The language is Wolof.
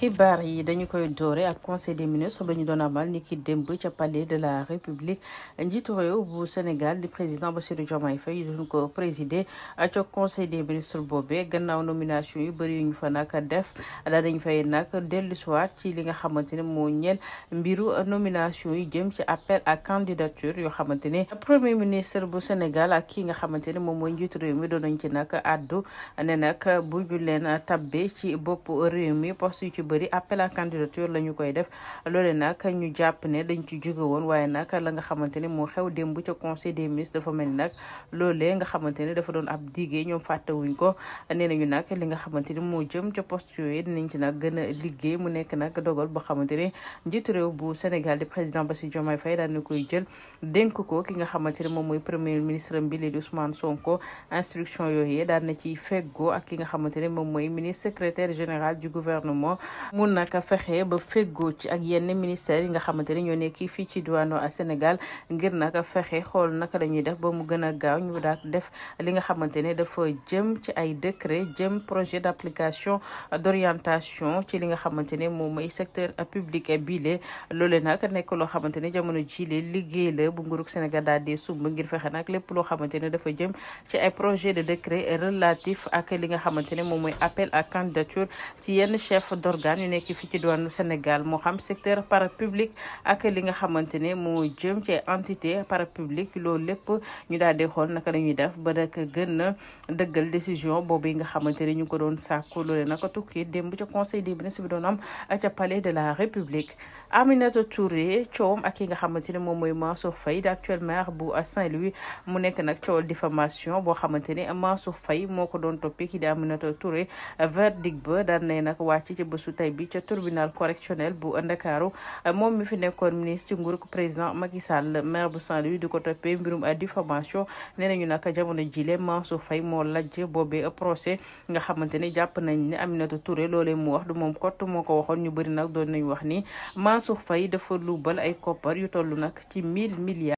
xibaar yi dañu koy doore ak conseil des ministres ñu doon amal ni ki démb ca palais de la république réew bu Sénégal di président Bassirou Diomaye Faye doon ko présider ca conseil des ministres boobee gannaaw nomination yu bëri yu ñu fa nag def daa fay nag dellu soir ci li nga xamante ne moo ñeel mbiru nomination yu jëm ci appel à candidature yoo xamante ne premier ministre bu Sénégal ak ki nga xamante ne moom mooy njiit réew mi doon nañ ci nag addu ne nag bu ñu leen tabbe ci bopp réew mi poste ci bëri appel à candidature la ñu koy def loole nag ñu jàpp ne dañ ci jóge woon waaye nag la nga xamante ne moo xew démb ca conseil des ministres dafa mel ni nag loolee nga xamante ne dafa doon ab digee ñoom fàttewuñ ko nee nañu nag li nga xamante ni moo jëm ca poste yooyu ci gën a mu nekk nag dogal boo xamante ne njiitu réew bu Sénégal di président Bassirou Diomaye Faye daal na koy jël dénk ko ki nga xamante ne moom mooy premier ministre bi di Ousmane Sonko instruction yooyee daal na ciy feggoo ak ki nga xamante ne moom mooy ministre secrétaire général du gouvernement mun naka fexe ba feggoo ci ak yenn ministères yi nga xamante ne ñoo nekk fii ci diwaanu Sénégal ngir naka fexe xool naka la def ba mu gën a gaaw ñu daal def li nga xamante ne dafa jëm ci ay décret jëm projet d'application d'orientation ci li nga xamante ne moom mooy secteur public bile loole nag nekk loo xamante ne jamono jile liggéey la bu Sénégal daal di sumb ngir fexe nag lépp loo xamante ne dafa jëm ay projet de décret relatif ak li nga xamante ne moom mooy appel à candidature ci yenn chef d'organe artisanat ñu nekk fii ci doonu Sénégal moo xam secteur parapublic ak li nga xamante ne moo jëm ci entité par parapublic loolu lépp ñu daal di xool naka la ñuy def ba nag gën a dëggal décision boobu yi nga xamante ne ñu ko doon sàkku loolee naka tukki dem ca conseil des ministres bi doon am a palais de la république. Aminata Touré coowam ak ki nga xamante ne moom mooy Mansour Faye di actuel maire bu Saint-Louis mu nekk nag coowal diffamation boo xamante ne Mansour Faye moo ko doon toppee ki di Aminata Touré verdict ba daan ne nag wàcc ci bésu tey bi ca tribunal correctionnel bu Ndakaaru moom mi fi nekkoon ministre ci nguurug président Macky Sall maire bu Saint-Louis di ko toppee mbirum diffamation nee nañu nag jamono jile Mansour Faye moo lajj boobee procès nga xamante ne jàpp nañ ne Aminata Touré loolee mu wax du moom kott moo ko waxoon ñu bëri nag doon nañu wax ni Mansour Faye dafa luubal ay koppar yu toll nag ci mille milliards.